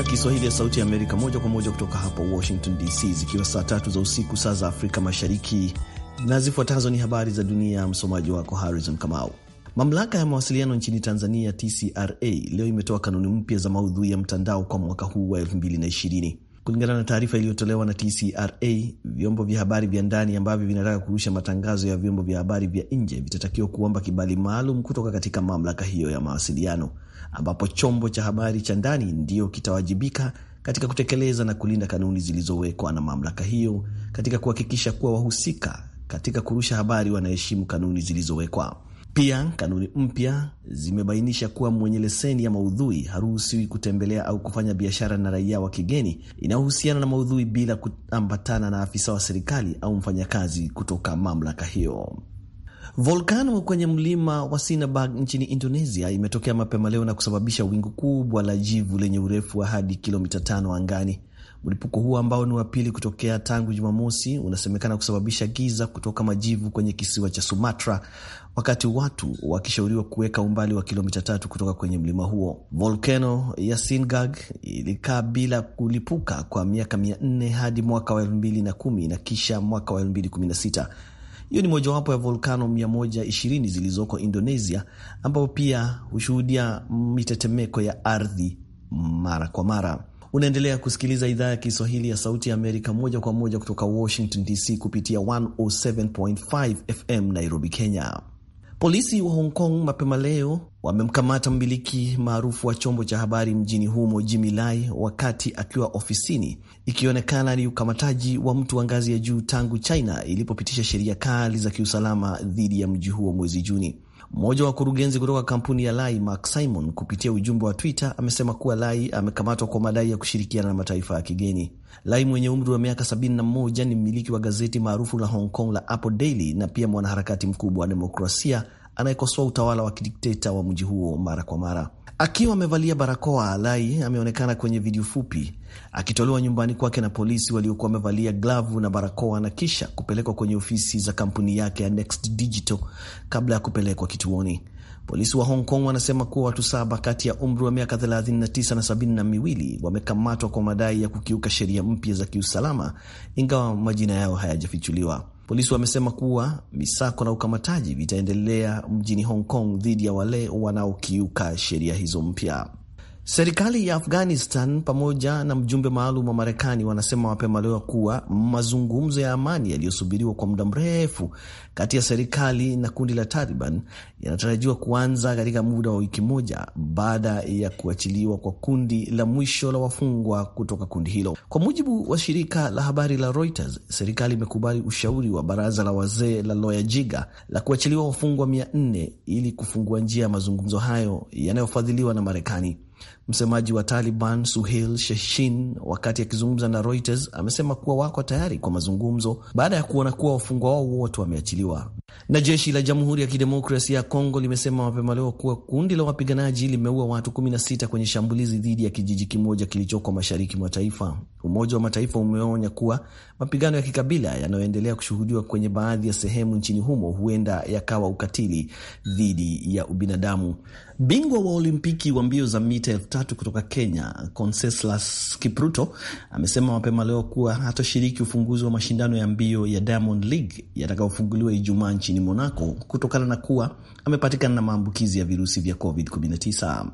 idhaa ya Kiswahili ya Sauti ya Amerika moja kwa moja kutoka hapa Washington DC, zikiwa saa tatu za usiku saa za Afrika Mashariki, na zifuatazo ni habari za dunia. Msomaji wako Harrison Kamau. Mamlaka ya mawasiliano nchini Tanzania, TCRA, leo imetoa kanuni mpya za maudhui ya mtandao kwa mwaka huu wa 2020. Kulingana na taarifa iliyotolewa na TCRA, vyombo vya habari vya ndani ambavyo vinataka kurusha matangazo ya vyombo vya habari vya nje vitatakiwa kuomba kibali maalum kutoka katika mamlaka hiyo ya mawasiliano ambapo chombo cha habari cha ndani ndiyo kitawajibika katika kutekeleza na kulinda kanuni zilizowekwa na mamlaka hiyo katika kuhakikisha kuwa wahusika katika kurusha habari wanaheshimu kanuni zilizowekwa. Pia kanuni mpya zimebainisha kuwa mwenye leseni ya maudhui haruhusiwi kutembelea au kufanya biashara na raia wa kigeni inayohusiana na maudhui bila kuambatana na afisa wa serikali au mfanyakazi kutoka mamlaka hiyo. Volkano kwenye mlima wa Sinabang nchini Indonesia imetokea mapema leo na kusababisha wingu kubwa la jivu lenye urefu wa hadi kilomita tano angani. Mlipuko huo ambao ni wa pili kutokea tangu Jumamosi unasemekana kusababisha giza kutoka majivu kwenye kisiwa cha Sumatra, wakati watu wakishauriwa kuweka umbali wa kilomita tatu kutoka kwenye mlima huo. Volkano ya Singag ilikaa bila kulipuka kwa miaka mia nne hadi mwaka wa elfu mbili na kumi na kisha mwaka wa elfu mbili kumi na sita hiyo ni mojawapo ya volkano 120 zilizoko Indonesia, ambapo pia hushuhudia mitetemeko ya ardhi mara kwa mara. Unaendelea kusikiliza idhaa ya Kiswahili ya Sauti ya Amerika moja kwa moja kutoka Washington DC, kupitia 107.5 FM Nairobi, Kenya. Polisi wa Hong Kong mapema leo wamemkamata mmiliki maarufu wa chombo cha habari mjini humo Jimmy Lai wakati akiwa ofisini, ikionekana ni ukamataji wa mtu wa ngazi ya juu tangu China ilipopitisha sheria kali za kiusalama dhidi ya mji huo mwezi Juni. Mmoja wa wakurugenzi kutoka kampuni ya Lai, Mark Simon, kupitia ujumbe wa Twitter amesema kuwa Lai amekamatwa kwa madai ya kushirikiana na mataifa ya kigeni. Lai mwenye umri wa miaka 71 ni mmiliki wa gazeti maarufu la Hong Kong la Apple Daily na pia mwanaharakati mkubwa wa demokrasia anayekosoa utawala wa kidikteta wa mji huo mara kwa mara. Akiwa amevalia barakoa Alai ameonekana kwenye video fupi akitolewa nyumbani kwake na polisi waliokuwa wamevalia glavu na barakoa na kisha kupelekwa kwenye ofisi za kampuni yake ya Next Digital kabla ya kupelekwa kituoni. Polisi wa Hong Kong wanasema kuwa watu saba kati ya umri wa miaka 39 na miwili wamekamatwa kwa madai ya kukiuka sheria mpya za kiusalama, ingawa majina yao hayajafichuliwa. Polisi wamesema kuwa misako na ukamataji vitaendelea mjini Hong Kong dhidi ya wale wanaokiuka sheria hizo mpya. Serikali ya Afghanistan pamoja na mjumbe maalum wa Marekani wanasema mapema leo kuwa mazungumzo ya amani yaliyosubiriwa kwa muda mrefu kati ya serikali na kundi la Taliban yanatarajiwa kuanza katika muda wa wiki moja baada ya kuachiliwa kwa kundi la mwisho la wafungwa kutoka kundi hilo. Kwa mujibu wa shirika la habari la Reuters, serikali imekubali ushauri wa baraza la wazee la Loyajiga la kuachiliwa wafungwa mia nne ili kufungua njia ya mazungumzo hayo yanayofadhiliwa na Marekani. Msemaji wa Taliban Suhail Sheshin, wakati akizungumza na Reuters, amesema kuwa wako tayari kwa mazungumzo baada ya kuona kuwa wafungwa wao wote wameachiliwa. Na jeshi la Jamhuri ya Kidemokrasia ya Kongo limesema mapema leo kuwa kundi la wapiganaji limeua watu 16 kwenye shambulizi dhidi ya kijiji kimoja kilichoko mashariki mwa taifa. Umoja wa Mataifa umeonya kuwa mapigano ya kikabila yanayoendelea kushuhudiwa kwenye baadhi ya sehemu nchini humo huenda yakawa ukatili dhidi ya ubinadamu. Bingwa wa Olimpiki wa mbio za mita elfu tatu kutoka Kenya, Conseslus Kipruto amesema mapema leo kuwa hatoshiriki ufunguzi wa mashindano ya mbio ya Diamond League yatakayofunguliwa Ijumaa nchini Monaco kutokana na kuwa amepatikana na maambukizi ya virusi vya COVID-19.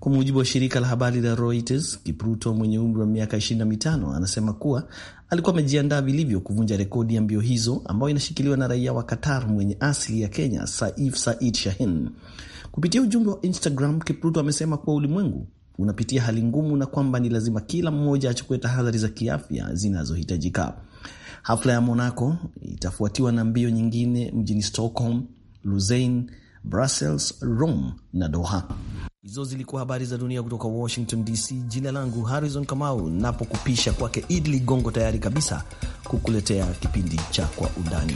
Kwa mujibu wa shirika la habari la Reuters, Kipruto mwenye umri wa miaka 25 anasema kuwa alikuwa amejiandaa vilivyo kuvunja rekodi ya mbio hizo ambayo inashikiliwa na raia wa Qatar mwenye asili ya Kenya, Saif Said Shahin. Kupitia ujumbe wa Instagram, Kipruto amesema kuwa ulimwengu unapitia hali ngumu na kwamba ni lazima kila mmoja achukue tahadhari za kiafya zinazohitajika. Hafla ya Monaco itafuatiwa na mbio nyingine mjini Stockholm, Lausanne, Brussels, Rome na Doha. Hizo zilikuwa habari za dunia kutoka Washington DC. Jina langu Harrison Kamau, napokupisha kwake Idli Gongo, tayari kabisa kukuletea kipindi cha Kwa Undani.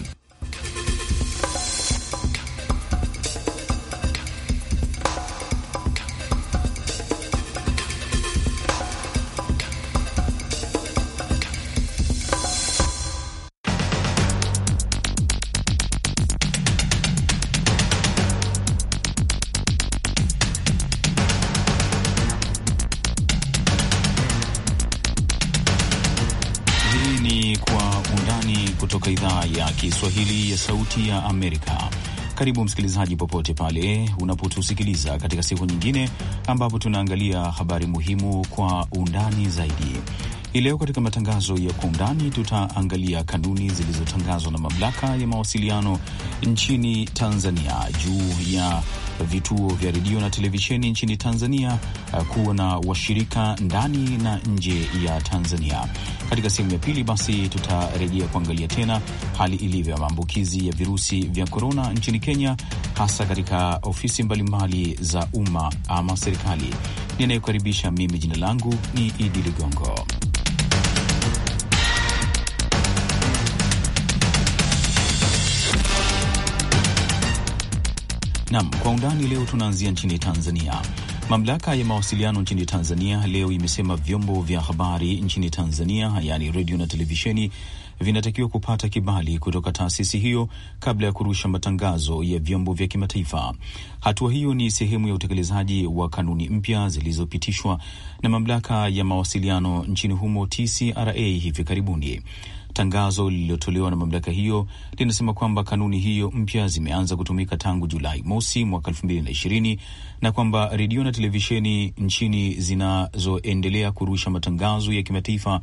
Sauti ya Amerika. Karibu msikilizaji, popote pale unapotusikiliza katika siku nyingine ambapo tunaangalia habari muhimu kwa undani zaidi. Hii leo katika matangazo ya kwa undani tutaangalia kanuni zilizotangazwa na mamlaka ya mawasiliano nchini Tanzania juu ya vituo vya redio na televisheni nchini Tanzania uh, kuwa na washirika ndani na nje ya Tanzania. Katika sehemu ya pili, basi tutarejea kuangalia tena hali ilivyo ya maambukizi ya virusi vya korona nchini Kenya, hasa katika ofisi mbalimbali za umma ama serikali. Ninayekaribisha mimi, jina langu ni Idi Ligongo. Nam kwa undani leo tunaanzia nchini Tanzania. Mamlaka ya mawasiliano nchini Tanzania leo imesema vyombo vya habari nchini Tanzania, yaani redio na televisheni, vinatakiwa kupata kibali kutoka taasisi hiyo kabla ya kurusha matangazo ya vyombo vya kimataifa. Hatua hiyo ni sehemu ya utekelezaji wa kanuni mpya zilizopitishwa na mamlaka ya mawasiliano nchini humo TCRA hivi karibuni. Tangazo lililotolewa na mamlaka hiyo linasema kwamba kanuni hiyo mpya zimeanza kutumika tangu Julai mosi mwaka elfu mbili na ishirini na kwamba redio na televisheni nchini zinazoendelea kurusha matangazo ya kimataifa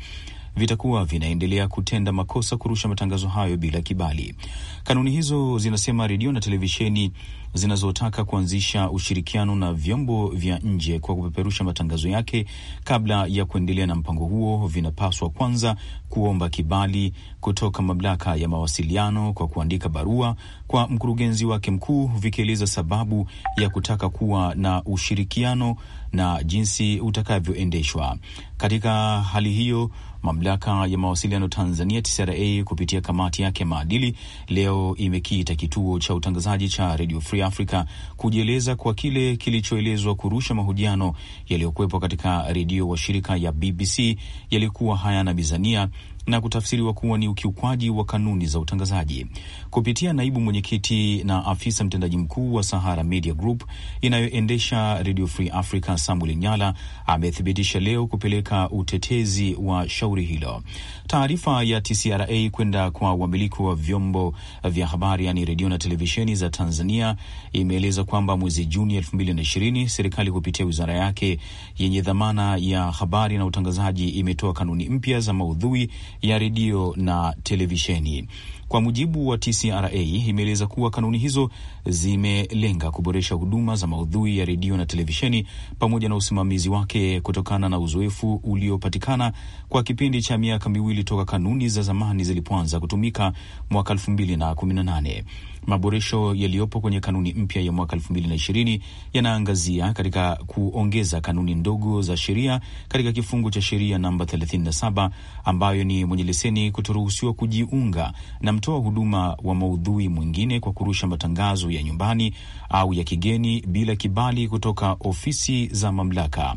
vitakuwa vinaendelea kutenda makosa kurusha matangazo hayo bila kibali. Kanuni hizo zinasema redio na televisheni zinazotaka kuanzisha ushirikiano na vyombo vya nje kwa kupeperusha matangazo yake, kabla ya kuendelea na mpango huo, vinapaswa kwanza kuomba kibali kutoka mamlaka ya mawasiliano kwa kuandika barua kwa mkurugenzi wake mkuu, vikieleza sababu ya kutaka kuwa na ushirikiano na jinsi utakavyoendeshwa. Katika hali hiyo Mamlaka ya mawasiliano Tanzania, TCRA, kupitia kamati yake ya maadili leo imekiita kituo cha utangazaji cha Radio Free Africa kujieleza kwa kile kilichoelezwa kurusha mahojiano yaliyokuwepo katika redio wa shirika ya BBC yalikuwa hayana bizania na kutafsiriwa kuwa ni ukiukwaji wa kanuni za utangazaji. Kupitia naibu mwenyekiti na afisa mtendaji mkuu wa Sahara Media Group inayoendesha Radio Free Africa, Samuel Nyala amethibitisha leo kupeleka utetezi wa shauri hilo. Taarifa ya TCRA kwenda kwa uamiliki wa vyombo vya habari, yani redio na televisheni za Tanzania imeeleza kwamba mwezi Juni 2020 serikali kupitia wizara yake yenye dhamana ya habari na utangazaji imetoa kanuni mpya za maudhui ya redio na televisheni. Kwa mujibu wa TCRA, imeeleza kuwa kanuni hizo zimelenga kuboresha huduma za maudhui ya redio na televisheni pamoja na usimamizi wake kutokana na uzoefu uliopatikana kwa kipindi cha miaka miwili toka kanuni za zamani zilipoanza kutumika mwaka 2018. Maboresho yaliyopo kwenye kanuni mpya ya mwaka elfu mbili na ishirini yanaangazia katika kuongeza kanuni ndogo za sheria katika kifungu cha sheria namba 37 ambayo ni mwenye leseni kutoruhusiwa kujiunga na mtoa huduma wa maudhui mwingine kwa kurusha matangazo ya nyumbani au ya kigeni bila kibali kutoka ofisi za mamlaka.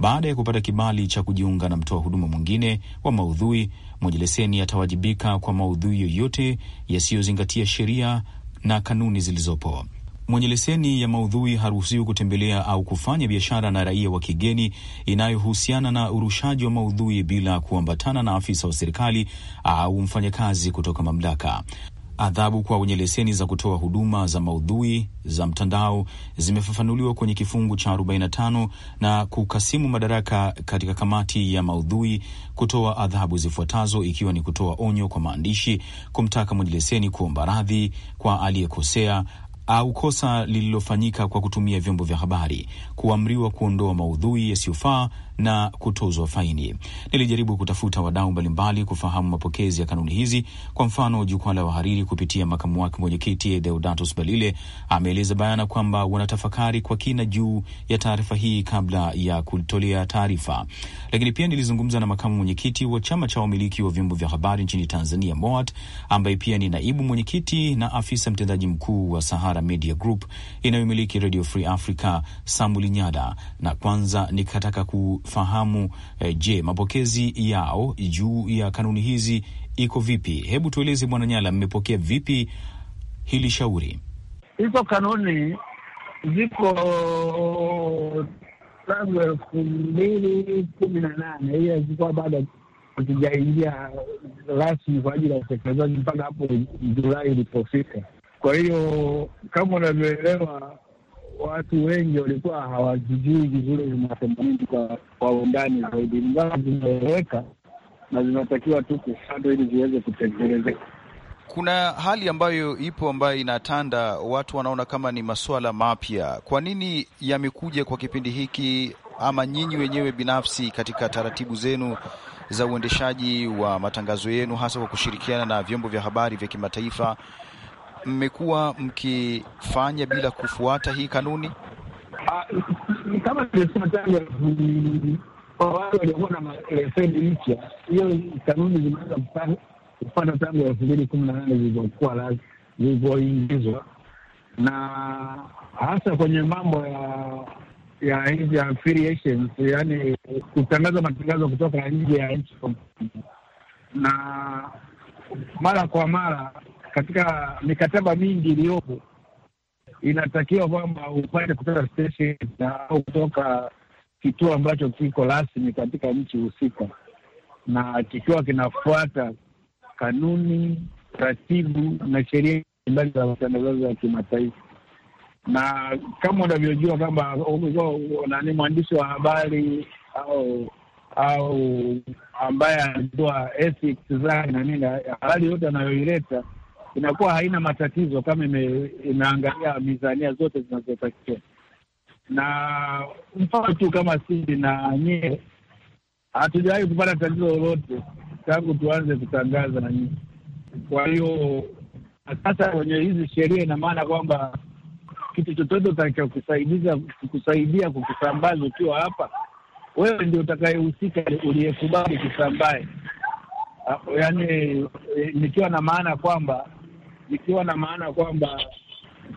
Baada ya kupata kibali cha kujiunga na mtoa huduma mwingine wa maudhui, mwenye leseni atawajibika kwa maudhui yoyote yasiyozingatia sheria na kanuni zilizopo. Mwenye leseni ya maudhui haruhusiwi kutembelea au kufanya biashara na raia wa kigeni inayohusiana na urushaji wa maudhui bila kuambatana na afisa wa serikali au mfanyakazi kutoka mamlaka. Adhabu kwa wenye leseni za kutoa huduma za maudhui za mtandao zimefafanuliwa kwenye kifungu cha 45 na kukasimu madaraka katika kamati ya maudhui kutoa adhabu zifuatazo, ikiwa ni kutoa onyo kwa maandishi, kumtaka mwenye leseni kuomba radhi kwa aliyekosea au kosa lililofanyika kwa kutumia vyombo vya habari, kuamriwa kuondoa maudhui yasiyofaa na kutozwa faini. Nilijaribu kutafuta wadau mbalimbali kufahamu mapokezi ya kanuni hizi. Kwa mfano, jukwaa la wahariri kupitia makamu wake mwenyekiti Deodatus Balile ameeleza bayana kwamba wanatafakari kwa kina juu ya taarifa hii kabla ya kutolea taarifa. Lakini pia nilizungumza na makamu mwenyekiti wa chama cha wamiliki wa vyombo vya habari nchini Tanzania, MOAT, ambaye pia ni naibu mwenyekiti na afisa mtendaji mkuu wa Sahara Media Group inayomiliki Radio Free Africa, Samuel Nyada, na kwanza nikataka ku kufahamu eh, je, mapokezi yao juu ya kanuni hizi iko vipi? Hebu tueleze Bwana Nyala, mmepokea vipi hili shauri? Hizo kanuni ziko tangu elfu mbili kumi na nane hiyo zikuwa bado hazijaingia rasmi kwa ajili ya utekelezaji mpaka hapo Julai ilipofika. Kwa hiyo kama unavyoelewa watu wengi walikuwa hawazijui vizuri mathematika kwa, kwa undani zaidi, ingawa zimeeleweka na zinatakiwa tu kufuatwa ili ziweze kutekelezeka. Kuna hali ambayo ipo ambayo inatanda, watu wanaona kama ni masuala mapya. Kwa nini yamekuja kwa kipindi hiki? Ama nyinyi wenyewe binafsi katika taratibu zenu za uendeshaji wa matangazo yenu, hasa kwa kushirikiana na vyombo vya habari vya kimataifa, mmekuwa mkifanya bila kufuata hii kanuni? Ah, kama nilivyosema tangu kwa wale waliokuwa na leseni mpya, hiyo kanuni zimeanza kupata tangu elfu mbili kumi na nane zilizokuwa zilivyoingizwa, na hasa kwenye mambo ya ya hizi affiliations, yani kutangaza matangazo kutoka nje ya nchi na mara kwa mara katika mikataba mingi iliyopo inatakiwa kwamba upate kutoka station au kutoka kituo ambacho kiko rasmi katika nchi husika, na kikiwa kinafuata kanuni, taratibu na sheria mbali za utangazaji wa kimataifa. Na kama unavyojua kwamba nani mwandishi wa habari au au ambaye anatoa ethics zake na nini, habari yote anayoileta inakuwa haina matatizo kama ime, imeangalia mizania zote zinazotakiwa. Na mfano tu kama sisi na nyie, hatujawahi kupata tatizo lolote tangu tuanze kutangaza na nyie. Kwa hiyo sasa kwenye hizi sheria, ina maana kwamba kitu chochote utakachokusaidia kusaidia kukusambaza ukiwa hapa, wewe ndio utakayehusika, uliyekubali kusambae. Ah, yaani eh, nikiwa na maana kwamba ikiwa na maana kwamba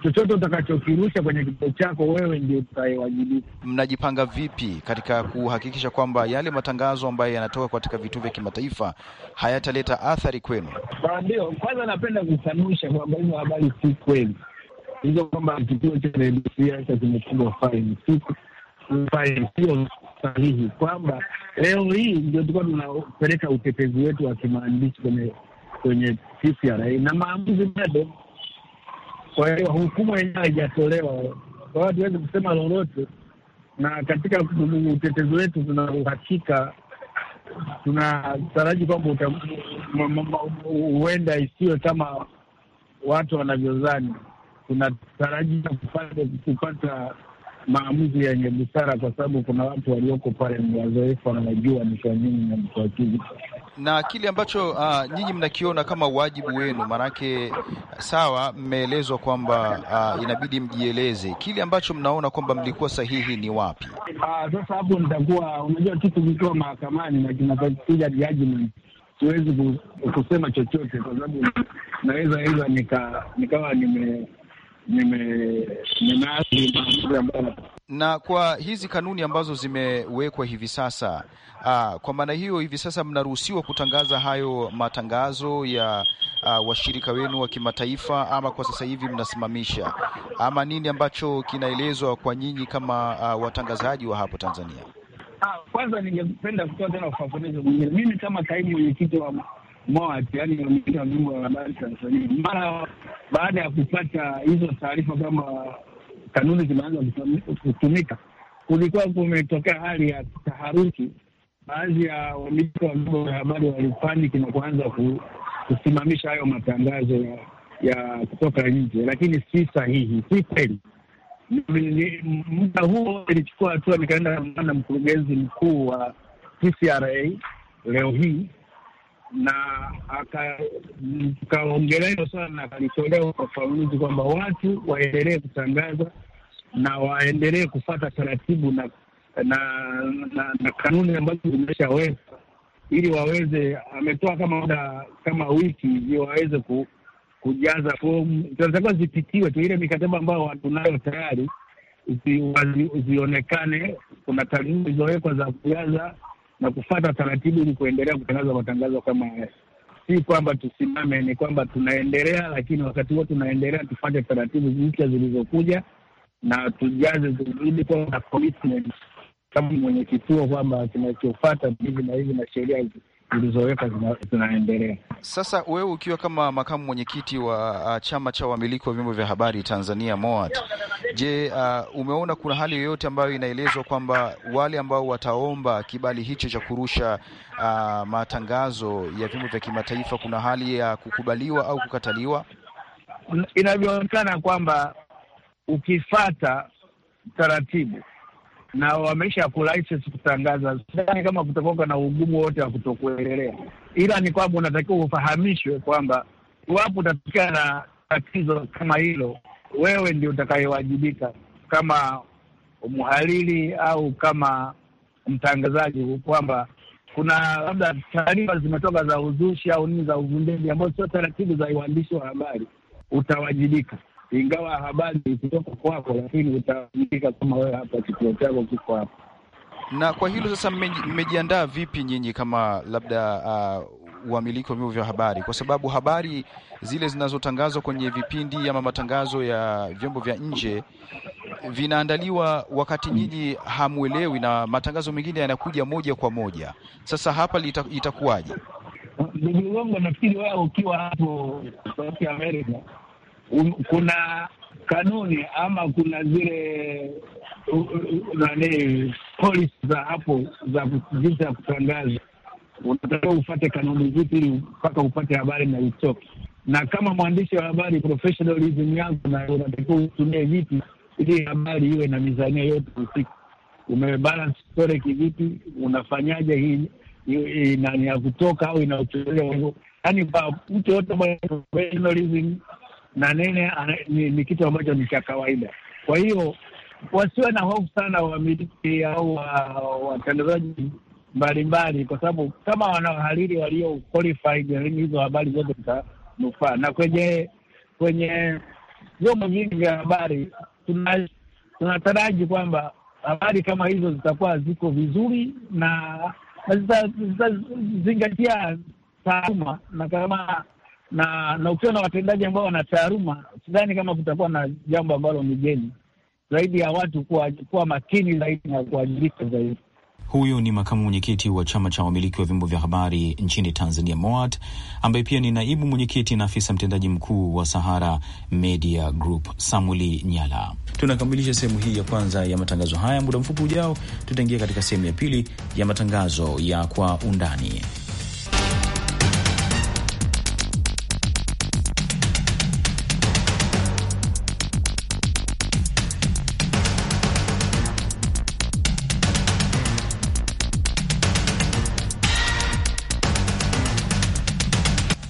chochote utakachokirusha kwenye kituo chako wewe ndio utakayewajibika. Mnajipanga vipi katika kuhakikisha kwamba yale matangazo ambayo yanatoka katika vituo vya kimataifa hayataleta athari kwenu? Ah, ndio, kwanza napenda kukanusha kwamba hizo habari si kweli hizo, kwamba kituo cha redio siasa kimepigwa faini, sio sahihi, kwamba leo hii ndio tulikuwa tunapeleka utetezi wetu wa kimaandishi kwenye kwenye TCRA na maamuzi bado. Kwa hiyo hukumu yenyewe haijatolewa, kwa hiyo hatuwezi kusema lolote, na katika utetezi wetu tuna uhakika tunataraji kwamba huenda isiwe kama watu wanavyozani. Tunataraji kupata maamuzi yenye busara, kwa sababu kuna watu walioko pale ni wazoefu, wanajua kwa nini na na kile ambacho uh, nyinyi mnakiona kama wajibu wenu, maanake sawa, mmeelezwa kwamba uh, inabidi mjieleze. Kile ambacho mnaona kwamba mlikuwa sahihi ni wapi? Ah, sasa uh, hapo nitakuwa, unajua kitu kikiwa mahakamani na kinakuja judgment siwezi kusema chochote, kwa sababu naweza ila nikawa nime na kwa hizi kanuni ambazo zimewekwa hivi sasa aa, ah, kwa maana hiyo hivi sasa mnaruhusiwa kutangaza hayo matangazo ya aa, ah, washirika wenu wa kimataifa, ama kwa sasa hivi mnasimamisha, ama nini ambacho kinaelezwa kwa nyinyi kama aa, ah, watangazaji wa hapo Tanzania? Kwanza ningependa kutoa tena ufafanuzi mimi kama kaimu mwenyekiti wa MOAT, yani mwenyekiti vyombo vya habari Tanzania, mara baada ya kupata hizo taarifa kama kanuni zimeanza kutumika, kulikuwa kumetokea hali ya taharuki. Baadhi ya wamiliki wa vyombo vya habari walipaniki na kuanza kusimamisha hayo matangazo ya, ya kutoka nje, lakini si sahihi, si kweli. Muda huo ilichukua hatua, nikaenda na mkurugenzi mkuu wa TCRA leo hii na akaongelea hilo swala na akalitolea ufafanuzi kwamba watu waendelee kutangaza na waendelee kufata taratibu na na, na, na kanuni ambazo zimeshawekwa ili waweze. Ametoa kama muda kama wiki ili waweze ku, kujaza fomu zinatakiwa zipitiwe tu, ile mikataba ambayo nayo tayari zionekane, kuna taratibu zilizowekwa za kujaza na kufata taratibu ili kuendelea kutangaza matangazo kama haya. Si kwamba tusimame, ni kwamba tunaendelea, lakini wakati huo tunaendelea tufate taratibu mpya zilizokuja na tujaze, turudi kuwa na commitment kama mwenye kituo kwamba kinachofata hivi na hivi na sheria hizi zilizoweka zinaendelea. Sasa wewe ukiwa kama makamu mwenyekiti wa uh, chama cha wamiliki wa vyombo vya habari Tanzania MOAT, je, uh, umeona kuna hali yoyote ambayo inaelezwa kwamba wale ambao wataomba kibali hicho cha kurusha uh, matangazo ya vyombo vya kimataifa, kuna hali ya kukubaliwa au kukataliwa? Inavyoonekana kwamba ukifata taratibu na wameisha kulicense kutangaza. Sidhani kama kutakuwa na ugumu wote wa kutokuelelea, ila ni kwamba unatakiwa ufahamishwe kwamba iwapo utatokea na tatizo kama hilo, wewe ndio utakayewajibika kama mhariri au kama mtangazaji, kwamba kuna labda taarifa zimetoka za uzushi au nini za uvundezi ambazo sio taratibu za uandishi wa habari, utawajibika ingawa habari ikitoka kwako, lakini utaamilika kama wewe hapa kituo chako kiko hapa. Na kwa hilo sasa, mmejiandaa vipi nyinyi kama labda uh, uamiliki wa vyombo vya habari, kwa sababu habari zile zinazotangazwa kwenye vipindi ama matangazo ya vyombo vya nje vinaandaliwa wakati nyinyi hamwelewi, na matangazo mengine yanakuja moja kwa moja. Sasa hapa itakuwaje? Ndugu wangu, nafikiri wao ukiwa hapo Sauti Amerika um, kuna kanuni ama kuna zile nani polisi za hapo za jinsi ya kutangaza, unatakiwa ufate kanuni zipi ili mpaka upate habari na utoke. Na kama mwandishi wa habari professionalism yangu, na unatakiwa utumie vipi ili habari iwe na mizania yote husika. Umebalance story kivipi? Unafanyaje hii ya kutoka au inaochezea? yani mtu yote professionalism na nene ni, ni kitu ambacho ni cha kawaida. Kwa hiyo wasiwe na hofu sana wamiliki au watendezaji mbalimbali, kwa sababu kama wanahariri walio qualified, hizo habari zote zitanufaa. Na kwenye kwenye vyombo vingi vya habari tunataraji kwamba habari kama hizo zitakuwa ziko vizuri na zitazingatia taaluma na kama na na ukiwa na watendaji ambao wana taaruma, sidhani kama kutakuwa na jambo ambalo ni geni zaidi ya watu kuwa, kuwa makini zaidi na kuajirika zaidi. Huyu ni makamu mwenyekiti wa chama cha wamiliki wa vyombo vya habari nchini Tanzania, MOAT, ambaye pia ni naibu mwenyekiti na afisa mtendaji mkuu wa Sahara Media Group, Samuel Nyala. Tunakamilisha sehemu hii ya kwanza ya matangazo haya. Muda mfupi ujao, tutaingia katika sehemu ya pili ya matangazo ya Kwa Undani.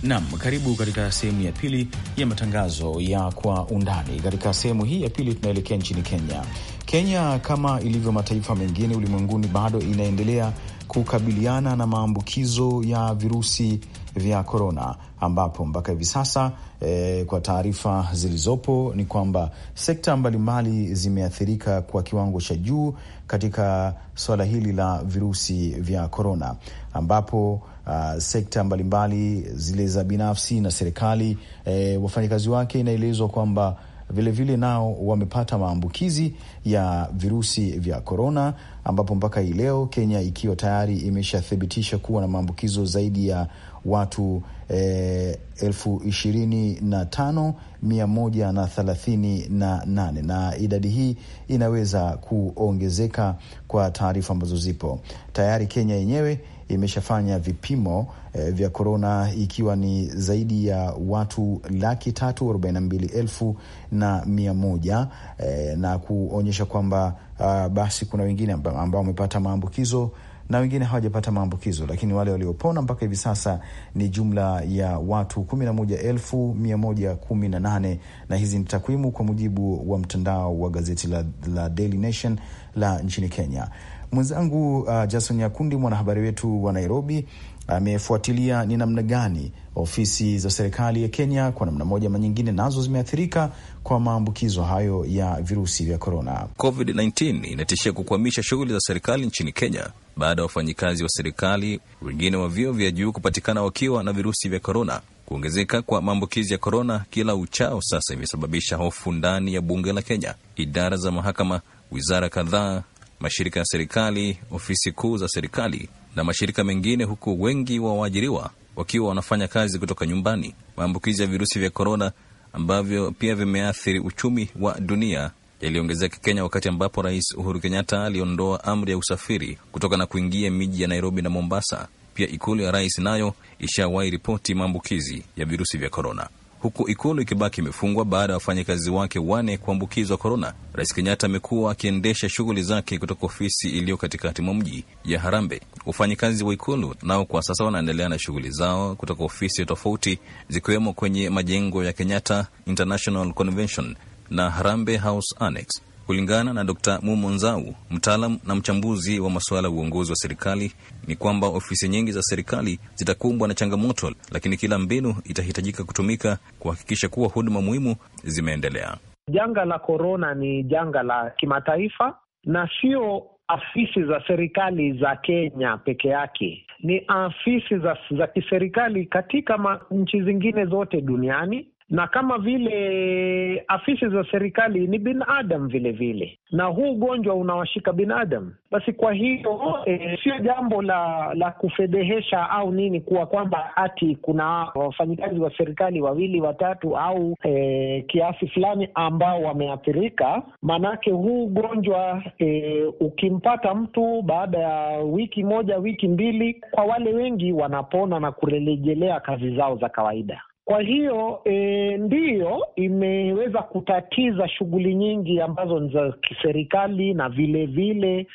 nam karibu katika sehemu ya pili ya matangazo ya kwa undani. Katika sehemu hii ya pili tunaelekea nchini Kenya. Kenya kama ilivyo mataifa mengine ulimwenguni bado inaendelea kukabiliana na maambukizo ya virusi vya korona, ambapo mpaka hivi sasa e, kwa taarifa zilizopo ni kwamba sekta mbalimbali zimeathirika kwa kiwango cha juu katika suala hili la virusi vya korona, ambapo a, ah, sekta mbalimbali zile za binafsi na serikali e, wafanyakazi wake inaelezwa kwamba vilevile nao wamepata maambukizi ya virusi vya korona, ambapo mpaka hii leo Kenya ikiwa tayari imeshathibitisha kuwa na maambukizo zaidi ya watu eh, elfu ishirini na tano mia moja na thelathini na nane na idadi hii inaweza kuongezeka kwa taarifa ambazo zipo tayari. Kenya yenyewe imeshafanya vipimo eh, vya korona ikiwa ni zaidi ya watu laki tatu arobaini na mbili elfu na mia moja eh, na kuonyesha kwamba uh, basi kuna wengine ambao wamepata maambukizo na wengine hawajapata maambukizo, lakini wale waliopona mpaka hivi sasa ni jumla ya watu 11118 na hizi ni takwimu kwa mujibu wa mtandao wa gazeti la, la Daily Nation la nchini Kenya. Mwenzangu uh, Jason Nyakundi, mwanahabari wetu wa Nairobi, amefuatilia ni namna gani ofisi za serikali ya Kenya kwa namna moja ama nyingine nazo zimeathirika kwa maambukizo hayo ya virusi vya korona. COVID-19 inatishia kukwamisha shughuli za serikali nchini Kenya baada ya wafanyikazi wa serikali wengine wa vyeo vya juu kupatikana wakiwa na virusi vya korona. Kuongezeka kwa maambukizi ya korona kila uchao sasa imesababisha hofu ndani ya bunge la Kenya. Idara za mahakama, wizara kadhaa mashirika ya serikali, ofisi kuu za serikali na mashirika mengine, huku wengi wa waajiriwa wakiwa wanafanya kazi kutoka nyumbani. Maambukizi ya virusi vya korona ambavyo pia vimeathiri uchumi wa dunia yaliongezeka Kenya wakati ambapo Rais Uhuru Kenyatta aliondoa amri ya usafiri kutoka na kuingia miji ya Nairobi na Mombasa. Pia ikulu ya rais nayo ishawahi ripoti maambukizi ya virusi vya korona huku ikulu ikibaki imefungwa baada ya wafanyakazi wake wane kuambukizwa korona. Rais Kenyatta amekuwa akiendesha shughuli zake kutoka ofisi iliyo katikati mwa mji ya Harambe. Wafanyakazi wa ikulu nao kwa sasa wanaendelea na shughuli zao kutoka ofisi tofauti, zikiwemo kwenye majengo ya Kenyatta International Convention na Harambe House Annex. Kulingana na Dr Mumo Nzau, mtaalam na mchambuzi wa masuala ya uongozi wa serikali, ni kwamba ofisi nyingi za serikali zitakumbwa na changamoto, lakini kila mbinu itahitajika kutumika kuhakikisha kuwa huduma muhimu zimeendelea. Janga la korona ni janga la kimataifa na sio afisi za serikali za Kenya peke yake, ni afisi za, za kiserikali katika nchi zingine zote duniani na kama vile afisi za serikali ni binadamu vile vile, na huu ugonjwa unawashika binadamu. Basi kwa hiyo e, sio jambo la la kufedhehesha au nini kuwa kwamba ati kuna wafanyikazi wa serikali wawili watatu au e, kiasi fulani ambao wameathirika. Maanake huu ugonjwa e, ukimpata mtu baada ya wiki moja wiki mbili, kwa wale wengi wanapona na kurejelea kazi zao za kawaida. Kwa hiyo e, ndiyo imeweza kutatiza shughuli nyingi ambazo ni za kiserikali na vilevile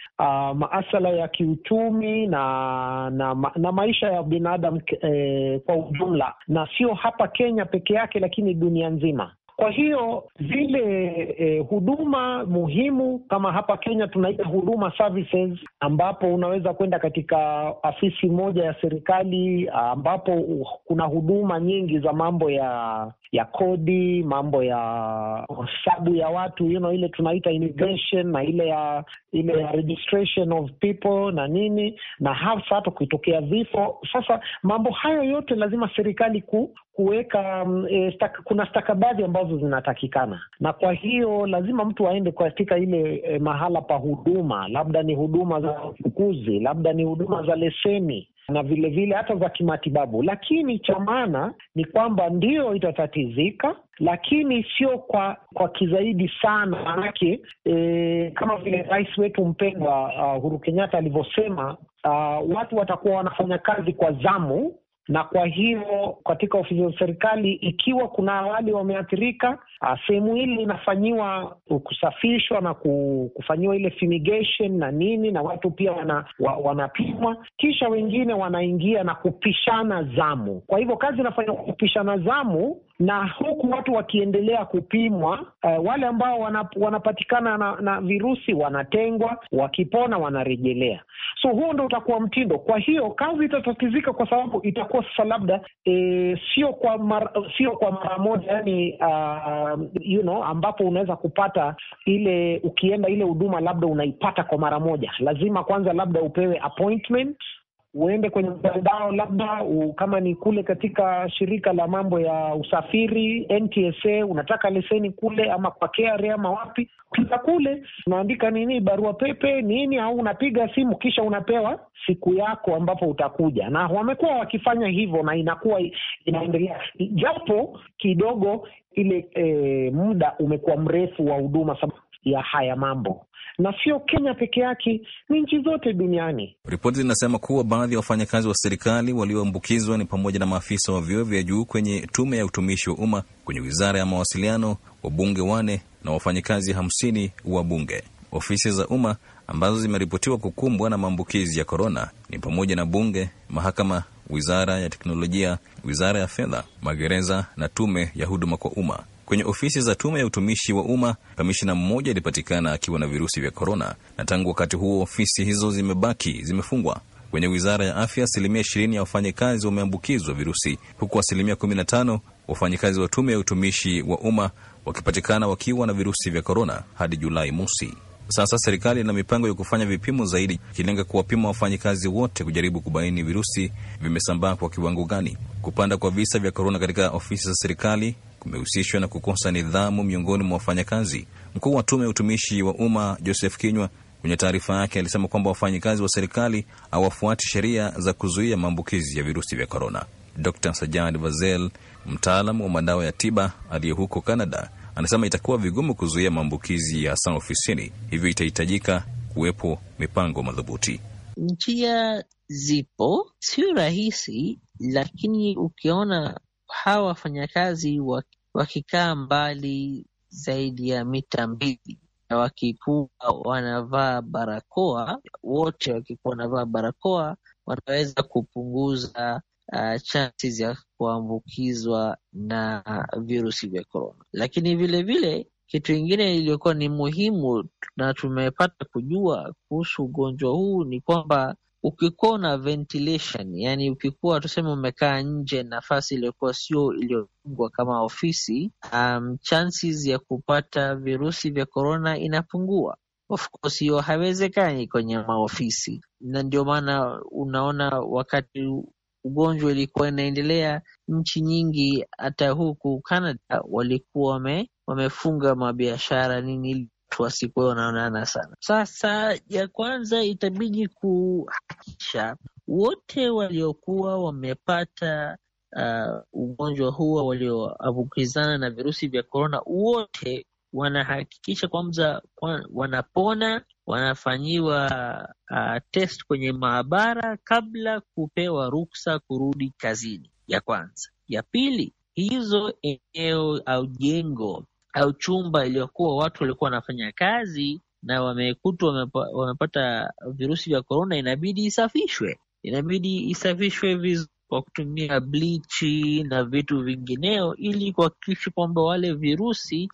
maasala ya kiuchumi na, na na maisha ya binadamu e, kwa ujumla, na sio hapa Kenya peke yake, lakini dunia nzima. Kwa hiyo zile eh, huduma muhimu kama hapa Kenya tunaita huduma services, ambapo unaweza kwenda katika afisi moja ya serikali ambapo kuna huduma nyingi za mambo ya ya kodi, mambo ya hesabu ya watu you know, ile tunaita immigration na ile ya ile ya registration of people na nini, na hasa hata kuitokea vifo. Sasa mambo hayo yote lazima serikali ku, kuweka mm, e, staka, kuna stakabadhi ambazo zinatakikana, na kwa hiyo lazima mtu aende katika ile e, mahala pa huduma, labda ni huduma za uchukuzi, labda ni huduma za leseni na vilevile vile hata za kimatibabu. Lakini cha maana ni kwamba ndiyo itatatizika, lakini sio kwa kwa kizaidi sana, manake e, kama vile rais wetu mpendwa uh, Uhuru Kenyatta alivyosema, uh, watu watakuwa wanafanya kazi kwa zamu na kwa hivyo katika ofisi za serikali, ikiwa kuna awali wameathirika, ah, sehemu hili inafanyiwa kusafishwa na kufanyiwa ile fumigation na nini, na watu pia wana, wa, wanapimwa, kisha wengine wanaingia na kupishana zamu. Kwa hivyo kazi inafanywa kupishana zamu na huku watu wakiendelea kupimwa. Eh, wale ambao wanap, wanapatikana na, na virusi wanatengwa, wakipona wanarejelea. So huo ndo utakuwa mtindo. Kwa hiyo kazi itatatizika, kwa sababu itakuwa sasa labda e, sio kwa mara, sio kwa mara moja, yani uh, you know, ambapo unaweza kupata ile ukienda ile huduma labda unaipata kwa mara moja. Lazima kwanza labda upewe appointment uende kwenye mtandao, labda kama ni kule katika shirika la mambo ya usafiri NTSA, unataka leseni kule ama kwa KRA ama wapi, ukiza kule unaandika nini, barua pepe nini, au unapiga simu, kisha unapewa siku yako ambapo utakuja. Na wamekuwa wakifanya hivyo na inakuwa inaendelea, japo kidogo ile e, muda umekuwa mrefu wa huduma sababu ya haya mambo, na sio Kenya peke yake, ni nchi zote duniani. Ripoti zinasema kuwa baadhi ya wafanyakazi wa serikali walioambukizwa ni pamoja na maafisa wa vyeo vya juu kwenye tume ya utumishi wa umma, kwenye wizara ya mawasiliano, wabunge wane na wafanyakazi hamsini wa bunge. Ofisi za umma ambazo zimeripotiwa kukumbwa na maambukizi ya korona ni pamoja na bunge, mahakama, wizara ya teknolojia, wizara ya fedha, magereza na tume ya huduma kwa umma. Kwenye ofisi za tume ya utumishi wa umma, kamishina mmoja alipatikana akiwa na virusi vya korona, na tangu wakati huo ofisi hizo zimebaki zimefungwa. Kwenye wizara ya afya, asilimia ishirini ya wafanyakazi wameambukizwa virusi, huku asilimia kumi na tano wafanyakazi wa tume ya utumishi wa umma wakipatikana wakiwa na virusi vya korona hadi Julai mosi. Sasa serikali ina mipango ya kufanya vipimo zaidi, ikilenga kuwapima wafanyakazi wote kujaribu kubaini virusi vimesambaa kwa kiwango gani. Kupanda kwa visa vya korona katika ofisi za serikali kumehusishwa na kukosa nidhamu miongoni mwa wafanyakazi. Mkuu wa Tume ya Utumishi wa Umma Joseph Kinywa kwenye taarifa yake alisema kwamba wafanyakazi wa serikali hawafuati sheria za kuzuia maambukizi ya virusi vya korona. Dr Sajad Vazel, mtaalamu wa madawa ya tiba aliye huko Canada, anasema itakuwa vigumu kuzuia maambukizi ya hasa ofisini, hivyo itahitajika kuwepo mipango madhubuti. Njia zipo, sio rahisi, lakini ukiona hawa wafanyakazi wakikaa mbali zaidi ya mita mbili na wakikuwa wanavaa barakoa, wote wakikuwa wanavaa barakoa, wanaweza kupunguza uh, chansi za kuambukizwa na virusi vya korona. Lakini vilevile kitu ingine iliyokuwa ni muhimu na tumepata kujua kuhusu ugonjwa huu ni kwamba ukikuwa una ventilation yani, ukikuwa tuseme umekaa nje nafasi iliyokuwa sio iliyofungwa kama ofisi, um, chances ya kupata virusi vya korona inapungua. Of course hiyo haiwezekani kwenye maofisi, na ndio maana unaona wakati ugonjwa ilikuwa inaendelea, nchi nyingi hata huku Canada walikuwa wame, wamefunga mabiashara nini watu wasikuwa wanaonana sana. Sasa ya kwanza itabidi kuhakikisha wote waliokuwa wamepata uh, ugonjwa huo walioambukizana na virusi vya korona, wote wanahakikisha kwamba wanapona, wanafanyiwa uh, test kwenye maabara kabla kupewa ruksa kurudi kazini, ya kwanza. Ya pili, hizo eneo au jengo au chumba iliyokuwa watu walikuwa wanafanya kazi na wamekutwa wamepata virusi vya korona, inabidi isafishwe, inabidi isafishwe vizuri kwa kutumia blichi na vitu vingineo, ili kuhakikisha kwamba wale virusi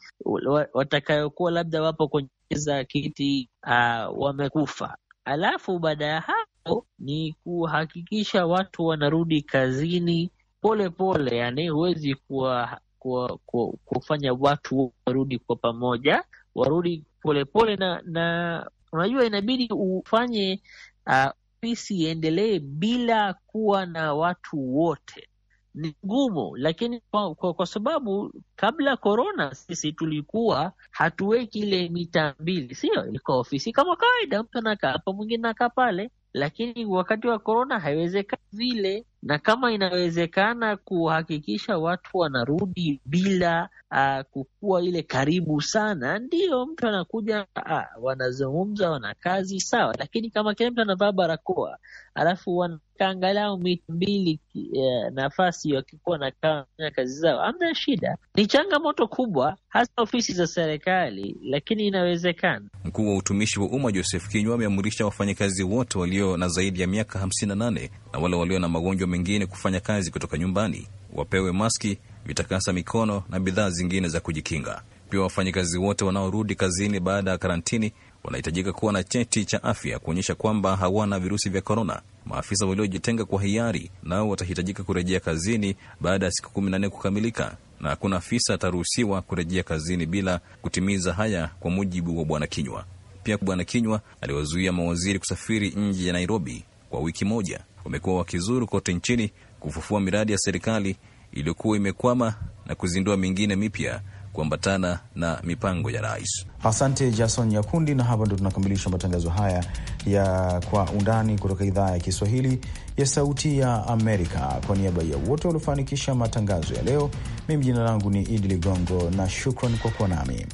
watakayokuwa labda wapo kwenye za kiti uh, wamekufa. Alafu baada ya hapo ni kuhakikisha watu wanarudi kazini polepole, yani huwezi kuwa kwa kufanya watu warudi kwa pamoja, warudi polepole pole, na na unajua inabidi ufanye ah, ofisi uh, iendelee bila kuwa na watu wote ni ngumu, lakini kwa, kwa, kwa sababu kabla korona sisi tulikuwa hatuweki ile mita mbili, sio? Ilikuwa ofisi kama kawaida, mtu anakaa hapa, mwingine anakaa pale lakini wakati wa korona haiwezekani vile, na kama inawezekana kuhakikisha watu wanarudi bila uh, ah, kukuwa ile karibu sana, ndiyo mtu anakuja uh, wanazungumza, wana kazi sawa, lakini kama kila mtu anavaa barakoa alafu wanaka angalau mita mbili uh, nafasi wakikuwa na kazi zao, amna shida. Ni changamoto kubwa hasa ofisi za serikali, lakini inawezekana. Mkuu wa utumishi wa umma Joseph Kinywa ameamurisha wafanyakazi wote walio na zaidi ya miaka 58 na wale walio na magonjwa mengine kufanya kazi kutoka nyumbani, wapewe maski, vitakasa mikono na bidhaa zingine za kujikinga. Pia wafanyakazi wote wanaorudi kazini baada ya karantini wanahitajika kuwa na cheti cha afya kuonyesha kwamba hawana virusi vya korona. Maafisa waliojitenga kwa hiari nao watahitajika kurejea kazini baada ya siku kumi na nne kukamilika na hakuna afisa ataruhusiwa kurejea kazini bila kutimiza haya, kwa mujibu wa Bwana Kinywa. Pia Bwana Kinywa aliwazuia mawaziri kusafiri nje ya Nairobi kwa wiki moja. Wamekuwa wakizuru kote nchini kufufua miradi ya serikali iliyokuwa imekwama na kuzindua mingine mipya kuambatana na mipango ya rais. Asante Jason Nyakundi, na hapa ndo tunakamilisha matangazo haya ya Kwa Undani kutoka idhaa ya Kiswahili ya Sauti ya Amerika. Kwa niaba ya wote waliofanikisha matangazo ya leo, mimi jina langu ni Idi Ligongo na shukran kwa kuwa nami.